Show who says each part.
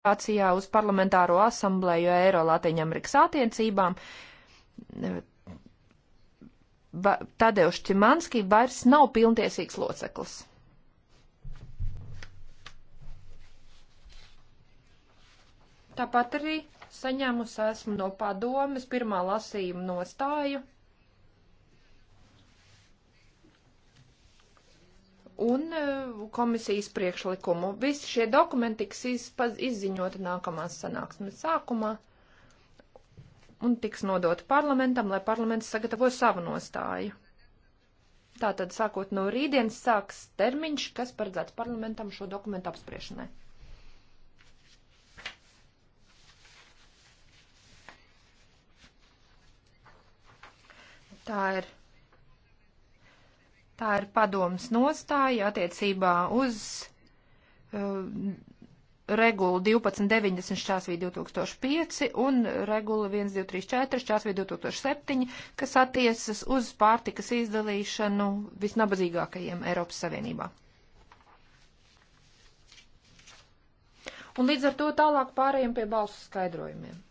Speaker 1: delegācijā uz parlamentāro asamblēju Eiro Latīņamerikas attiecībām. Tadeuš Čimanski vairs nav pilntiesīgs loceklis. Tāpat arī saņēmusi esmu no padomes pirmā lasījuma nostāju un e, komisijas priekšlikumu. Visi šie dokumenti tiks izpaz, izziņoti nākamās sanāksmes sākumā un tiks nodoti parlamentam, lai parlaments sagatavo savu nostāju. Tātad, sākot no rītdienas, sāks termiņš, kas paredzēts parlamentam šo dokumentu apspriešanai. Tā ir Tā ir padomas nostāja attiecībā uz uh, regulu 1290 šķāsvī 2005 un regulu 1234 šķāsvī 2007, kas attiecas uz pārtikas izdalīšanu visnabadzīgākajiem Eiropas Savienībā. Un līdz ar to tālāk pārējiem pie balsu skaidrojumiem.